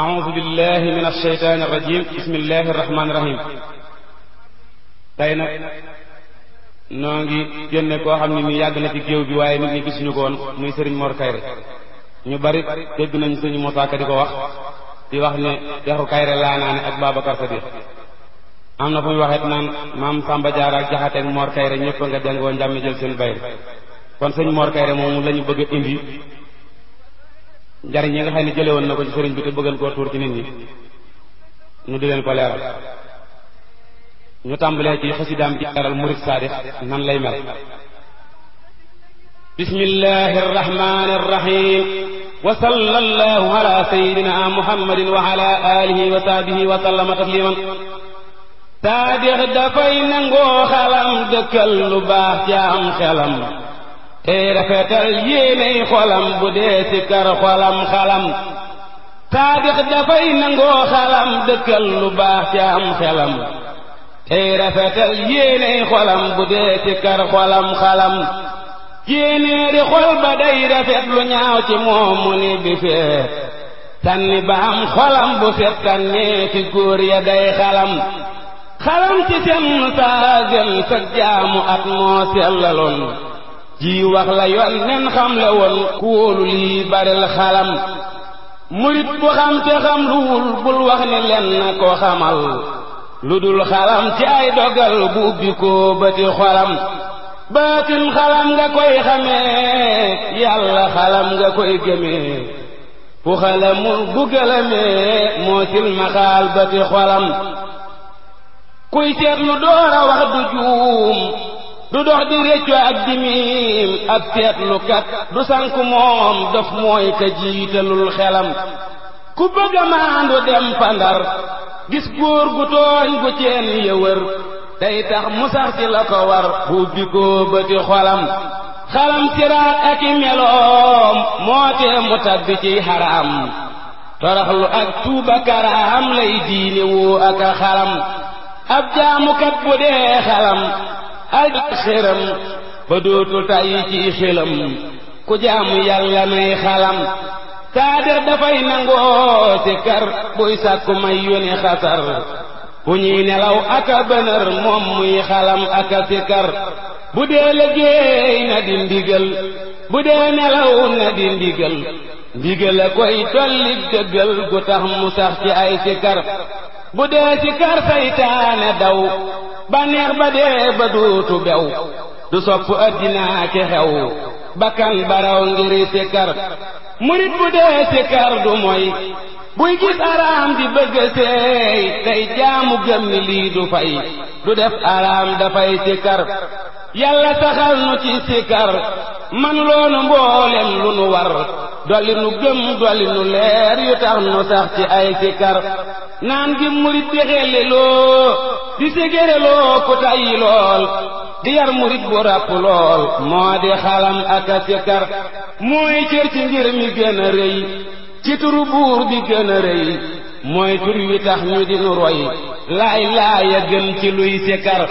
aoudu billah min alsheytaan irrajim bismillah irrahmani irrahim tey nag noo ngi génne koo xam ne mi yàgg na ci géew bi waaye nit ñi gisuñu ko woon muy sëriñ Mor Kayre ñu bari dégg nañ sëriñ Moussa di ko wax di wax ne dexu Kayre laanaane ak Babacar Sadiq am na fu muy waxeet naan maam Samba Diarra ak Jaxate ak Kayre ñëpp nga jàngoo njàmmi jël seen bayri kon sëñ Mor Kayre moomu la bëgg indi njariñ yi nga ni ne jële woon na ko ci sëriñ bi te bëggan ci nit ñi ñu di leen ko leeral ñu tàmbalee ci xasidaam ji leeral murid saadix nan lay mel bismillahi arrahmani arrahim wa sallallahu ala sayidina muhammadin tasliman saadix dafay nangoo xalam dëkkal lu baax ca am tey rafetal yéeney xolam bu dee si kar xolam xalam taadix dafay nangoo xalam dëkkal lu baax ca am xelam tey rafetal yéeney xolam bu dee si kar xolam xalam yéenéeri xol ba day rafet lu ñaaw ci moomu ni bi fee tànni ba am xolam bu set tànnee fi góor ya day xalam xalam ci seen saa gën sa jaamu at moo sellaloon ji wax la yoon xam la woon ku wóolu lii baril xalam murit bu xam te xam luwul bul wax ne len na ko xamal lu dul xalam ci ay dogal bu ubbi ko bëti xolam baatin xalam nga koy xamee yàlla xalam nga koy gëmee fu xalamul bu gëlamee moo silmaxaal bëti xolam kuy seetlu door a wax du juum du dox di réccu ak di miim ab seetlukat du sànk moom dof mooy ka jiitalul xelam ku bëgg a maandu dem gis góor gu tooñ gu ceen yëwër day tax mu sax la ko war ubbi koo xolam xalam siraat ak i meloom moo mu tàgg ciy xaraam toroxlu ak tuuba karaam lay diine woo a xalam ab jaamukat bu dee xalam ak xéram ba dootul tàyyi ci xelam ku jaamu yàlla nay xalam kaadir dafay nangoo si kar buy sàkku may yóni xasar bu ñuy nelaw aka bënër moom muy xalam aka si kar bu dee liggéey na di ndigal bu dee nelaw na di ndigal ndigal a koy tolli dëggal gu tax mu sax ci ay si kar bu dee si kar saytaane daw ba ba dee ba duutu bew du sopp addinaa ki xew bakkan baraw ngiri sikkar murit bu dee sikkar du moy buy gis araam di bëgg seey tey jaamu gëm du fay du def araam dafay sikkar yàlla saxal nu ci sikar man loonu mboolem lu nu war dolli nu gëm dolli nu leer yu tax nu sax ci ay sikar naan gi murit di xelli loo di sigére ku tayyi lool di yar murit bu ràpp lool moo di xalam ak a sikar mooy cër ci ngir mi gën a rëy ci turu buur bi gën a rëy mooy tur wi tax ñu di nu roy laay laaya gën ci luy sikar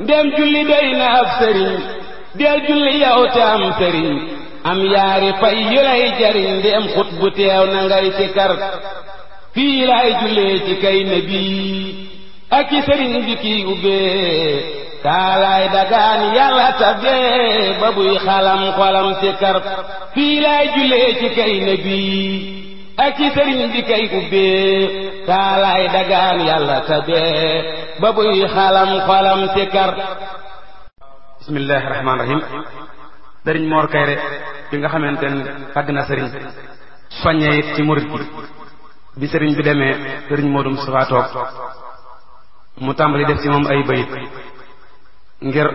ndem julli doy na ab sëriñ julli yow am sëriñ am yaari fay yu lay jariñ ndem xut na ngay ci kar fii laay jullee ci kay nabi ak ci sëriñ bi kiy ubbee taalaay dagaan yàlla tabee xalam xolam ci kar fii laay jullee ci kay nabi ak ci sëriñ bi kay ubbee kaalaay dagaan yàlla tabee ba buy xalam xolam si kar bismillahi rahmaani sëriñ Mor Kayre bi nga xamante ne tàgg na sëriñ soññee it ci murit bi bi sëriñ bi demee sëriñ Modou Moustapha toog mu tàmbali def ci moom ay bayit ngir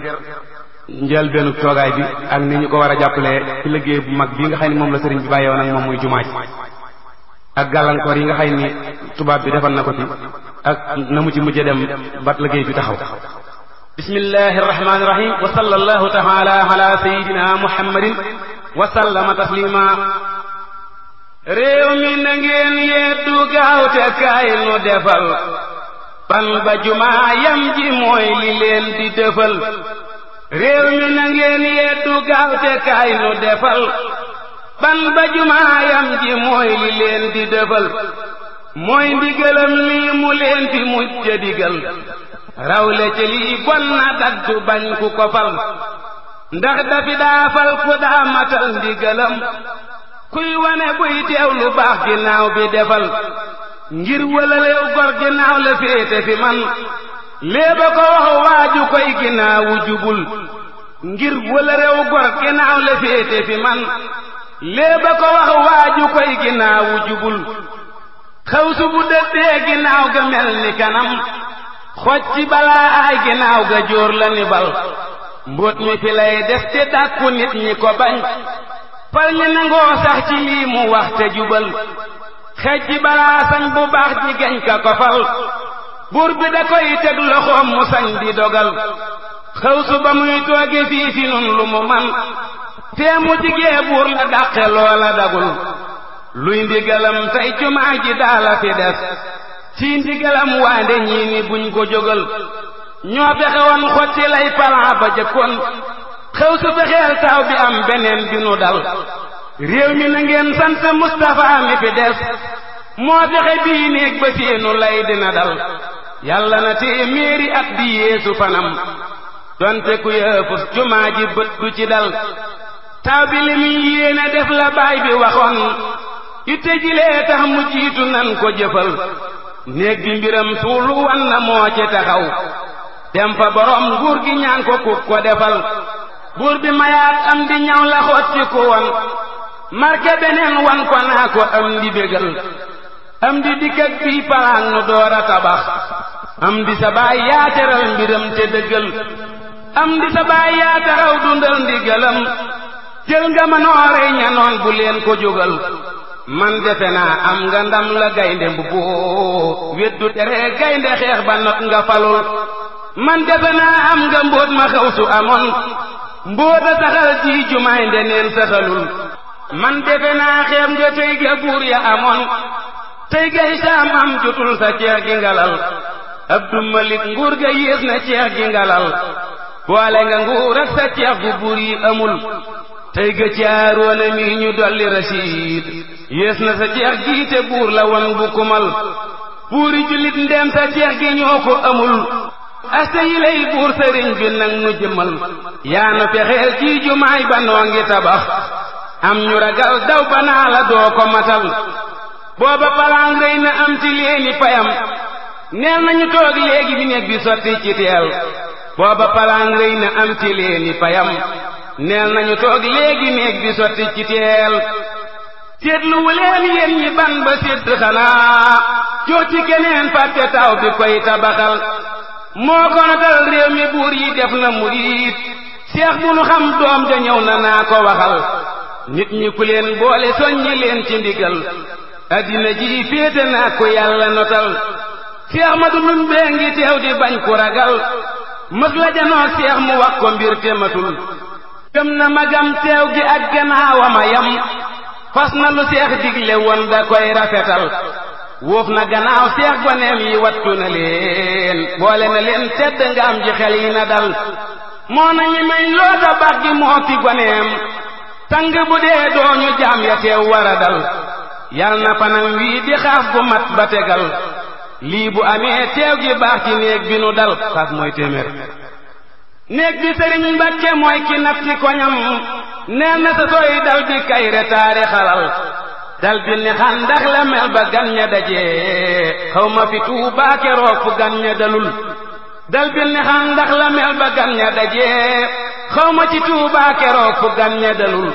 njël benn toogaay bi ak ni ñu ko war a jàppalee ci liggéey bu mag bi nga xam ne moom la sëriñ bi bàyyi woon moom muy jumaa ji ak gàllankoor yi nga xam ni tubaab bi defal na ko ci ak na mu ci dem bat liggéey bi taxaw bismillahi arrahmani irrahim wa sallallahu taala ala sayidina muhammadin wa sallama taslima réew mi na yeddu gaaw te defal ban ba jumaa yam ji mooy leen di defal réew mi na yeddu gaaw te defal ban ba jumaayam ji mooy leen di defal mooy ndigalam lii mu leen di mujj digal rawle ci lii bon na bañ ku ko fal ndax dafi daa fal ku daa matal ndigalam kuy wane buy teew lu baax ginnaaw bi defal ngir wëlaleew gor ginnaaw la féete fi man léeba ko wax waaju koy ginnaawu jubul ngir wëlaleew gor ginnaaw la féete fi man lée a ko wax waaju koy ginnaawu jubul xaw su bu dëddee ginnaaw ga mel ni kanam xoj ci balaa ay ginnaaw ga jóor la ni bal mbóot mi fi lay des te dàkku nit ñi ko bañ far ñi nangoo sax ci lii mu wax te jubal xej ci balaa sañ bu baax ji gañ ka ko buur bi da koy teg loxoom mu sañ di dogal xaw su ba muy tooge fii fi nun lu mu man te mu jigee buur la dàqe loola dagul luy ndigalam tey jumaa ji daala fi des ci ndigalam waande ñii ni buñ ko jógal ñoo fexe woon xotti lay palaa jëkkoon xew su fexeel taaw bi am beneen bi nu dal réew mi na ngeen sant Moustapha mi fi des moo fexe bii néeg ba seenu lay dina dal yàlla na téeméeri at di yeesu fanam donte ku yëfus jumaa ji bët du ci dal taw bi li muy yéene def la baay bi waxoon itte jilee tax mu jiitu nan ko jëfal néeg bi mbiram suulu wan moo ci taxaw dem borom nguur gi ñaan ko ku ko defal buur bi mayaat am di ñaw la xotti ko won marke beneen wan ko naa ko am di bégal am di dikkak fii palaan nu door a tabax am di sa yaa teral mbiram te dëggal am di sa yaa taxaw dundal ndigalam jël nga ma nooree ña noon bu leen ko jógal man defe naa am nga ndam la gaynde mbubboo weddu tere gaynde xeex ba not nga falul man defe naa am nga mbóot ma xaw su amoon mbóot a saxal ji jumaay ndeneen saxalul man defe naa xeeb nga tey ga buur ya amoon tey gay saam am jotul sa ceex gi ngalal Abdu Malik nguur ga yées na ceex gi ngalal boole nga nguur ak sa ceex gu buur yi amul tey ga caar wane ñu dolli rasiid yées na sa jeex jiite buur la wan bu kumal buuri jullit ndem sa jeex gi ñoo ko amul aste yi lay buur sëriñ bi nag nu jëmal yaa nu fexeel ci jumaay ba noo ngi tabax am ñu ragal daw banaa la doo ko matal booba palaan rëy na am ci leeni payam neel nañu toog léegi bi néeg bi sotti ci teel booba palaan rëy na am ci leeni payam neel nañu toog léegi néeg bi sotti ci teel seetluwu leen yéen ban ba sédd xanaa jooti keneen fàtte taw bi koy tabaxal moo ko natal réew mi buur yi def na murit seex bu nu xam doom ja ñëw na naa ko waxal nit ñi ku leen boole soññi leen ci ndigal addina ji féete naa ko yàlla notal seex ma du lum bee ngi teew di bañ ku ragal mës la janoog seex mu wax ko mbir te matul gëm na magam teew gi ak gannaawama yam fas na lu seex digle woon da koy rafetal wóof na gannaaw seex goneem yi wattu na leen boole na leen tedd nga am ji xel yi na dal moo nañu may loo da baax gi moo fi goneem tàng bu dee dooñu jaam ya teew war a dal yal na panam wii di xaaf bu mat ba tegal lii bu amee teew gi baax ci néeg bi nu dal xaaf mooy téeméer néeg bi sëriñ Mbàkke mooy ki naf ci koñam nee sa sooy dal di kay retaari dal bi ni xàndax la mel ba gan ña dajee xaw ma fi Tuubaa keroog fu gan ña dalul dal bi ni xàndax la mel ba gan ña dajee xaw ma ci Tuubaa keroog fu gan ña dalul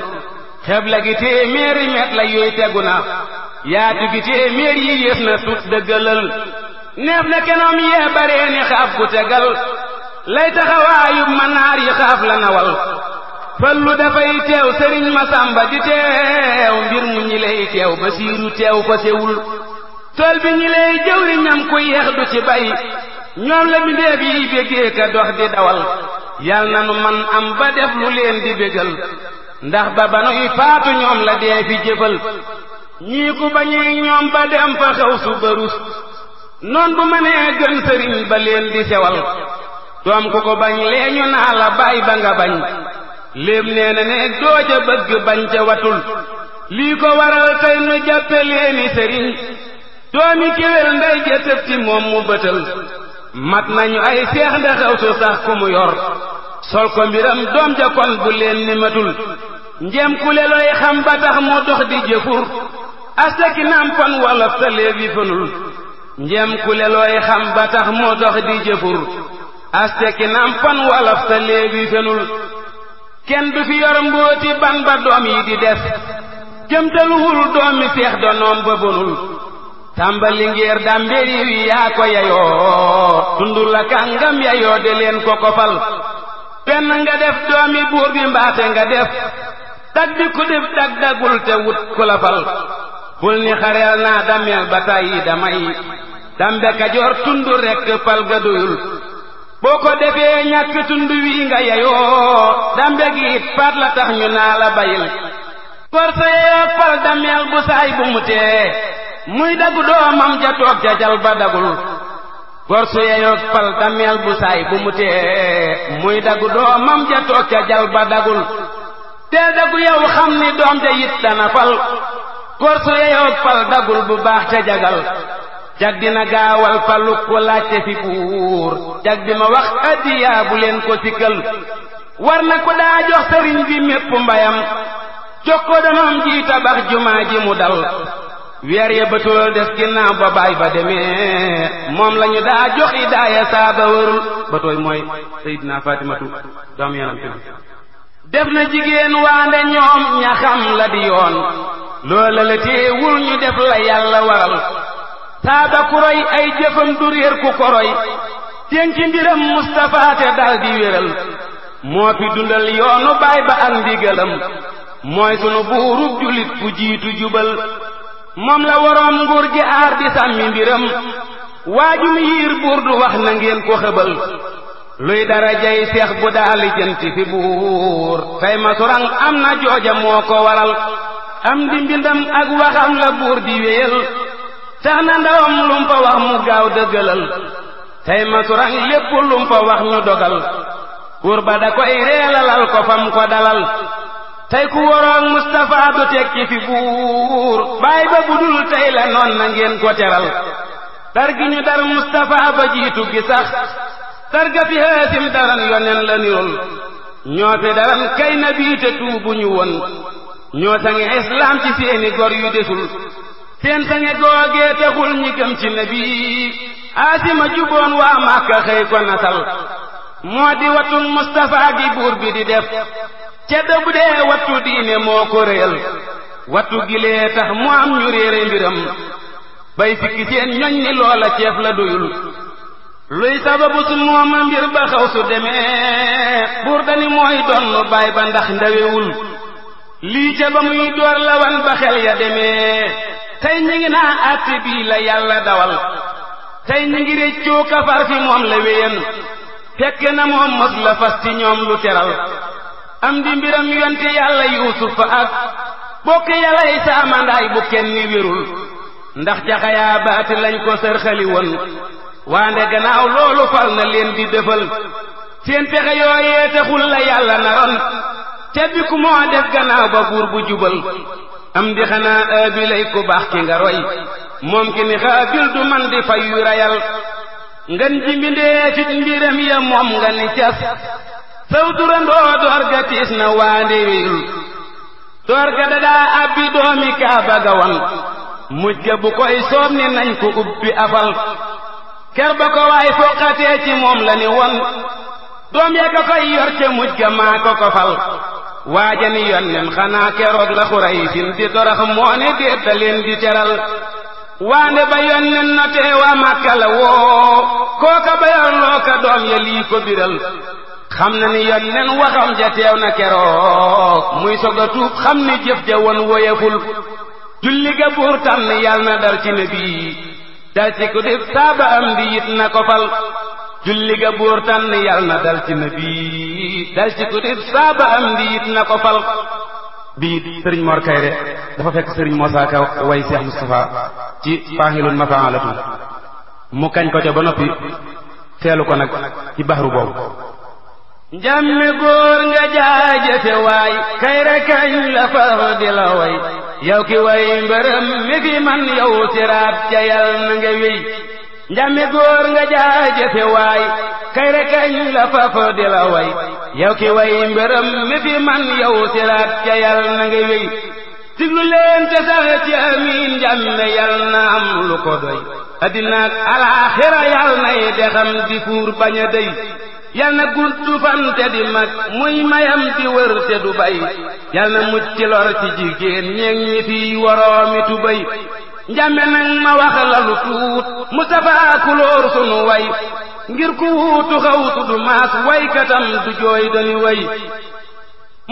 xebla gi téeméeri met la yooy tegu na yaatu gi téeméer yi yées na suuf dëggalal neef na kenoom yee baree ni xaaf gu tegal lay taxawaayub manaar yi xaaf la nawal fallu dafay teew sëriñ masamba di teew mbir mu ñi lay teew basiiru teew fa sewul tool bi ñi lay jëwriñam ku yeex du ci bay ñoom la bindéef yi béggee ka dox di dawal yal na nu man am ba def lu leen di bégal ndax ba ba nuy faatu ñoom la dee fi jëfal ñii ku bañee ñoom ba dem fa xaw su barus noon bu mënee gën sëriñ ba leen di sewal doom ku ko bañ leeñu naa la bàyyi ba nga bañ léem nee na ne doo ca bëgg bañ ca watul lii ko waral tey nu jàppe leeni sëriñ doomi kéwél nday ja tëf ci moom mu bëtal mat nañu ay seex ndaxaw su sax ku mu yor sol ko mbiram doom ja kon bu leen ni matul njéem ku leloy xam ba tax mu dox di jëfur astaki naam kon wolof sa léebi fanul njéem ku leloy xam ba tax mu dox di jëfur astekki nampan wolof ta léegi fenul kenn du fi yor mbóoti ban ba doom yi di des jëmtaluwul doomi seex donoom ba bonul tàmbali ngéer dàmbéri wi yaa ko yayoo tundu la kàngam de leen ko kofal benn nga def doomi buur bi mbaate nga def dag di ku def dag dagul te wut ku la fal bul ni xareel naa dameel ba tàyyi damay dambe kajoor tundu rekk pal ga doyul boo ko defee ñàkk tund wi nga yeyoo dambe gi it pat la tax ñu naa la bayil forsa yeyoog fal dameel bu saay bu mu muy dagu doomam ja toog ja jal ba dagul gorsu yeyoog bu saay bu mu muy dagu doomam ja toog ja jal ba dagul teel xam ni doom ja it dana fal gorsu yeyoog fal dagul bu baax ca jagal jag dina gaawal faluk ko laajte fi buur jag dina wax addiyaa bu leen ko sikkal war na ko daa jox sëriñ bi mépp mbayam jox ko donoom ji tabax jumaa ji mu dal weer ya bëtool des ginnaaw ba baay ba demee moom lañu daa jox idaaya saaba wërul bëtooy mooy sayidina fatimatu doom yonante bi def na jigéen waande ñoom ñaxam la di yoon loola la téewul ñu def la yàlla waral taaba ku roy ay jëfam du réer ku ko roy mbiram Mustapha te di wéral moo fi dundal yoonu baay ba ak ndigalam mooy sunu buurub julit bu jiitu jubal moom la waroom nguur gi aar di sàmmi mbiram waajum yiir buur du wax na ngeen ko xëbal luy darajay seex bu daali jënti fi buur tey ma am na jooja moo ko waral am di mbindam ak waxam la buur di wéyal tax na ndawam lum fa wax mu gaaw dëggalal tey masurang lépp lum fa wax ñu dogal kur ba da koy reelalal ko fam ko dalal tey ku woroog Mustafa du tekki fi buur baay ba budul tey la noon na ngeen ko teral dar gi ñu dar Mustafa ba jiitu gi sax dar ga fi haasim daran yonen la nirul ñoo fi daran kay na biite tuubu ñu won ñoo sangi islaam ci seeni gor yu desul seen sange googee taxul ñi gëm ci nabi asima juboon waa Màkka xëy ko nasal moo di wattul Mustafa gi buur bi di def ca dëbb dee wattu diine moo ko réyal wattu gilee tax mu am ñu réere mbiram bay sikki seen ñoñ ni loola ceef la doyul luy sababu su mooma mbir ba xaw su demee buur dani mooy donn baay ba ndax ndawewul lii ca ba muy door lawan ba xel ya demee tey ñu ngi naa àtte bii la yàlla dawal tey ñu ngi réccoo kafar fi moom la wéyan fekk na moom mos la fas ci ñoom lu teral am di mbiram yonte yàlla yuusuf ak bokk yàlla saamandaay bu kenn wérul ndax jaxayaa baati lañ ko sërxali woon waande gannaaw loolu fal na leen di defal seen pexe yooyee taxul la yàlla naroon ca bi moo def gannaaw ba buur bu jubal am di xanaa aabilay ku baax ki nga roy moom ki ni xaabil du man di fay yu rayal ngan ji mbindeefit mbiram ya moom nga ni cas saw turandoo door ga tiis na waandiwil door ga dadaa abbi doomi kaaba ga wan mujj ga bu soob ni nañ ko ubbi afal ker ba ko waay foqatee ci moom la won doom ya ka koy yor mujj ga maa ko ko fal waajani yonnen xanaa keroog la xuraysin di torox moo ne da leen di teral waande ba yonnen na tee màkka la woo kooka ba doom ya lii ko biral xam na ni yonnen waxam ja teew na keroog muy sog a tuub xam ni jëf ja woon woyeful julli ga buur tànn yàlla na dal ci nabi dal ci ku dib taaba am di it na ko julli ga buur tànn yal na dal ci nabi dal ci ku dit saaba am ndiit na ko fal bii sëriñ Mor Kayre dafa fekk sëriñ Moussa Ka way Cheikh Moustapha ci faahilun mafaalatu mu kañ ko ca ba noppi teelu ko nag ci baxru boobu njàmmi góor nga jaajëfe waay kayre kañ la fax di la way yow ki way mbërëm mi fi man yow siraab ca yal na nga wéy njàmme góor nga jaajëfe waay kay rekañ la faf di la way yow ki way mbërëm mi fi man yow siraat ca yal na nga wéy diglu leen te ci amiin njàmme yal na am lu ko doy addinaak alaaxira yal nay dexam di fuur bañ a dey yal na gudd fan di mag muy mayam di wër te du bay yal na mucc lor ci jigéen ñeeg ñi fiy woroomi tubéy njàmme nag ma wax la lu tuut Mustafa kulóor sunu way ngir ku xawtu du maas waykatam du jooy way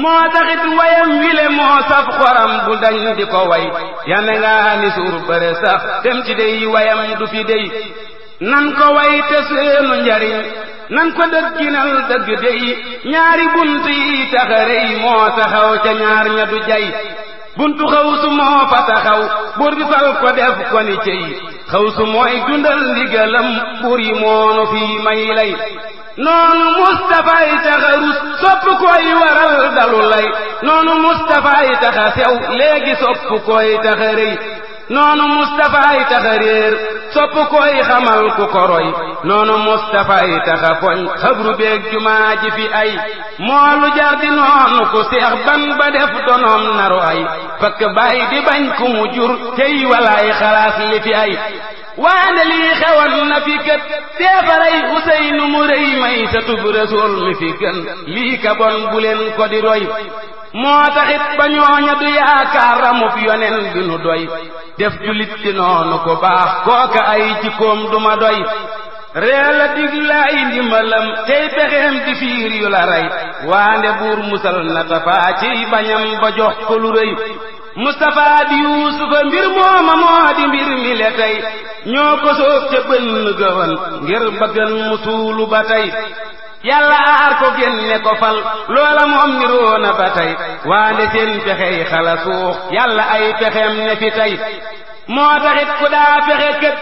moo taxit wayam wile moo saf xoram bu dañ di ko yame nga ni suur bëre sax dem ci dey wayam du fi dey nan ko te seenu njariñ nan ko dëgginal dëgg dey ñaari bunt yi taxarey moo taxaw ca ñaar ña du jay buntu xawsu moo fa taxaw buur bi fal def ko ni cey xawsu mooy dundal ndigalam buur yi moonu fii may noonu mustapha yi sopp koy waral dalu noonu mustapha yi taxa sopp koy taxa noonu mustafaay taxa réer sopp koy xamal ku ko roy noonu mustafaay taxa foñ xabru beeg jumaa fi ay moo lu jar di noonu ku seex ban ba def donoom naru ay fakk bàyyi di bañ ku mu jur tey walaay xalaas li fi ay waane lii xewoon na fi kët seefaray Useynu mu rëy may sa tub rasul mi fi gën lii ka bon bu len ko di roy moo taxit ba ñooña du yaakaar amub yonen du nu doy def julit ci noonu ko baax kooka ay jikoom du ma doy ree la digle ay ndimbalam tey pexeem di fiir yu la rey waande buur musal na tafaa ciy bañam ba jox ko lu rëy Moustapha di Yuusufa mbir mooma moo mbir mi le tey ko soob ca bënn gawan ngir bëggan mu suulu ba tey yàlla aar ko génne ko fal loola moom niroona ba tey waande seen pexey xala suux yàlla ay pexem ne fi moo taxit ku fexe kët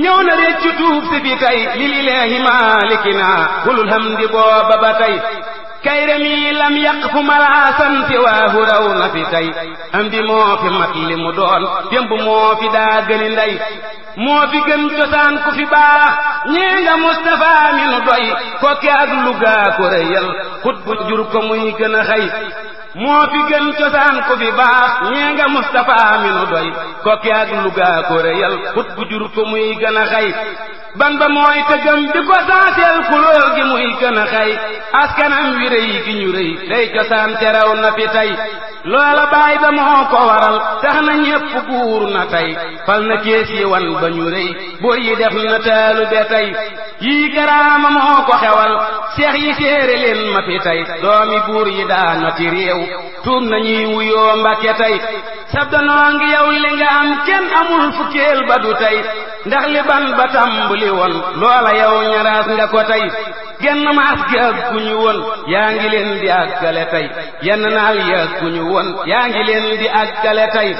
ñëw na réccu tuub si fi lil ilaahi maalikina kulul hamdi booba ba kayrami lam yàq fu malaasan si waahu raw na fi tey am bi moo fi mat li mu doon démb moo fi daa gëni ndey moo fi gën cosaan ku fi baax ñii nga Mustafa mi nu doy kokke ak Lugaa ko rëyal xut bu jur ko muy gën a xëy moo fi gën cosaan ku fi baax ñee nga Mustapha mi nu doy kokki ak Luga ko xut bu ko muy gën a xay ban ba mooy tëggam bi ko saaseel kulóor gi muy gën a xay askanam wi rëy gi ñu rëy day cosaan te na fi tey loola baay ba moo ko waral tax na ñépp buur na tey fal na kees yi wan ba ñu rëy buur yi def na taalu be tey yii garaama moo ko xewal seex yi séere leen ma fi tey doomi buur yi daan ci réew yeewu tuub nañuy wuyoo mbàkke tey sab danoo ngi yow li nga am kenn amul fukkeel ba du tey ndax li ban ba tàmbuli woon loola yow ñaraas nga ko tey genn maas gi àgguñu woon yaa ngi leen di àggale tey yenn naal yi àgguñu woon yaa ngi leen di àggale tey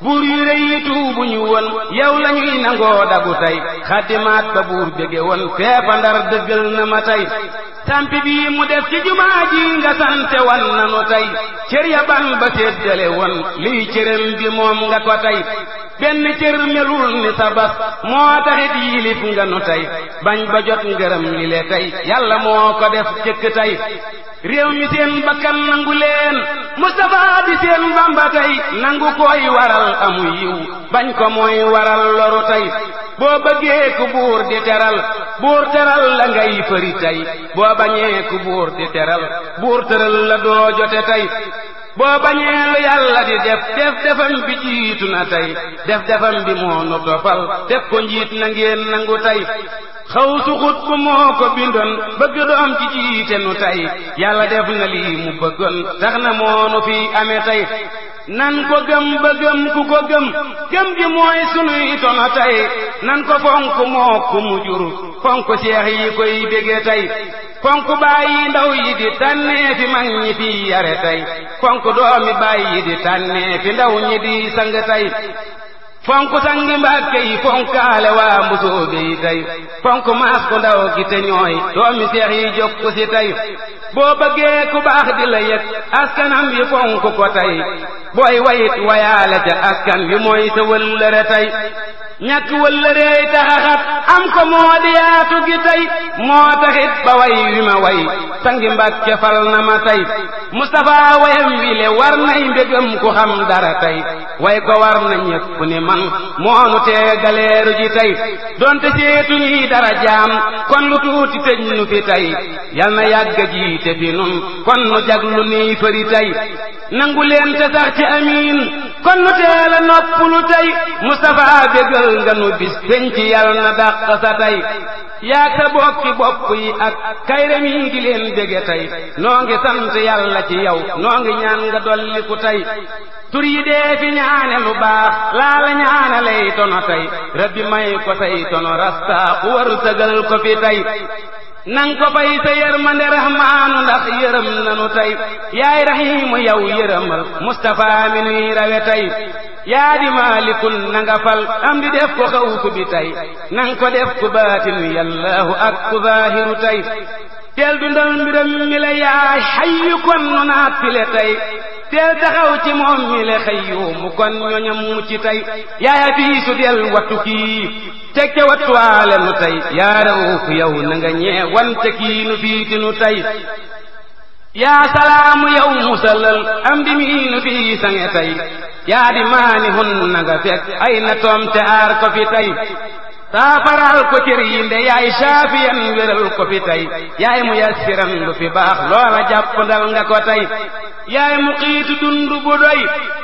buur yu rëy yi tuubuñu woon yow la ñuy nangoo dagu tey xaddimaat ba buur bége woon feefa ndar dëggal na ma tay tampi bii mu def ci jumaa ji nga sante wan nanu tey cër ya ban ba séddale woon liy cëram bi moom nga ko tey benn cër melul ni sa bas moo taxit yilif nga nu tey bañ ba jot ngërëm li le tey yàlla moo ko def jëkk tey réew mi seen bakkan nangu leen Mustafa bi seen bamba tey nangu koy waral amu yiw bañ ko mooy waral loru tey boo bëggee ku buur di teral buur teral la ngay fëri tey boo bañee ku buur di teral buur teral la doo jote tey boo bañee lu yàlla di def def defam bi jiitu na tey def defam bi moo nu toppal teg ko njiit na ngeen nangu tey xaw su xut bu moo ko bindoon bëgg doom ci jiite nu tey yàlla def na lii mu bëggoon tax na moo nu fi amee tey nan ko gëm ba ku ko gëm gëm gi mooy sunuy tono tey nan ko fonk moo ku mu jur fonk seex yi koy bége tey fonk baay yi ndaw yi di tànnee fi mag ñi fi yare tey fonk doomi baay yi di tànnee fi ndaw ñi di sang tey fonk sangi mbàkke yi fonkaale waa mbusóobe yi tey maas ko ndaw gi te ñooy doomi seex yi si tey boo bëggee ku baax di la yëg askanam yi fonk ko tey booy wayit wayaale ca askan wi mooy wëllëre tey ñàkk wëllëreey taxa xat am ko moo di yaatu gi tey moo taxit ba way wi ma way sangi mbàkke fal na ma tey Mustapha wayam wile war nay mbégam ku xam dara tey way ko war na ñëpp ni man moonu tee galeeru ji tey donte seetu nii dara jaam kon lu tuuti tëj nu fi tey yal na yàgg jiite fi nun kon nu jaglu nii fëri tey nangu leen te sax ci amiin kon nu tee la noppalu tey Mustapha bégal fegal nga nu bis penc yal na dàq sa tey yaa sa bokki bopp yi ak kayre mi ngi leen bége tey noo ngi sant yàlla ci yow noo ngi ñaan nga dolli ku tey tur fi ñaane lu baax laa la ñaane lay tono tey rabbi may ko tey tono rasta war sëgal ko fi tey nang ko fay sa yërmande rahmaanu ndax yërëm nanu tey yaay rahimu yow yërëmal Mustafa mi nuy rawe tey yaa di maalikun na nga fal am di def ko xawsu bi tey nang ko def ku baatinu yallaahu ak ku zaahiru tey teel dundal mbiram mi la yaay xayyu kon nu naat pile tey teel taxaw ci moom mi la mu kon ñoñam mu ci tey yaaya fii del wattu kii teg ca wattuwaale nu yaa raw ku yow na nga ñee wante nu fiiti nu yaa salaamu yow musalal am bi miinu fii yaa di maani na nga fekk ay na toom te aar ko fi tey saafaral ko cër yaay saafiyan wéral ko fi tey yaay mu yassiran fi baax loola jàpp nga ko tey yaay mu xiitu dund bu doy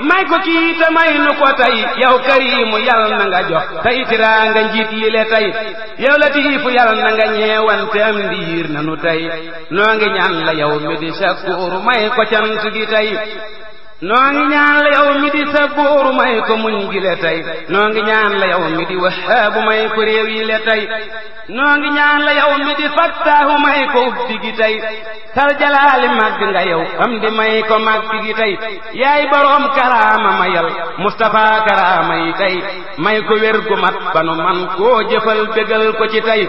may ko kii te may nu ko tey yow kariimu yal na nga jox te itiraa nga njiit li le tey yow latiifu yal na nga ñeewante am ndiir nanu tey noo ngi ñaan la yow mi di sakkuuru may ko cant gi tey noo ngi ñaan la mi di sa may ko muñ gi le tey noo ñaan la yow mi di wahaabu may ko réew le tey noo ngi ñaan la yow mi di fattaahu may ko ubbi gi tey sal jalaali màgg nga yow am di may ko màgg gi tey yaay boroom karaama mayal Mustapha karaama yi tey may ko wér gu mat banu man koo jëfal bégal ko ci tey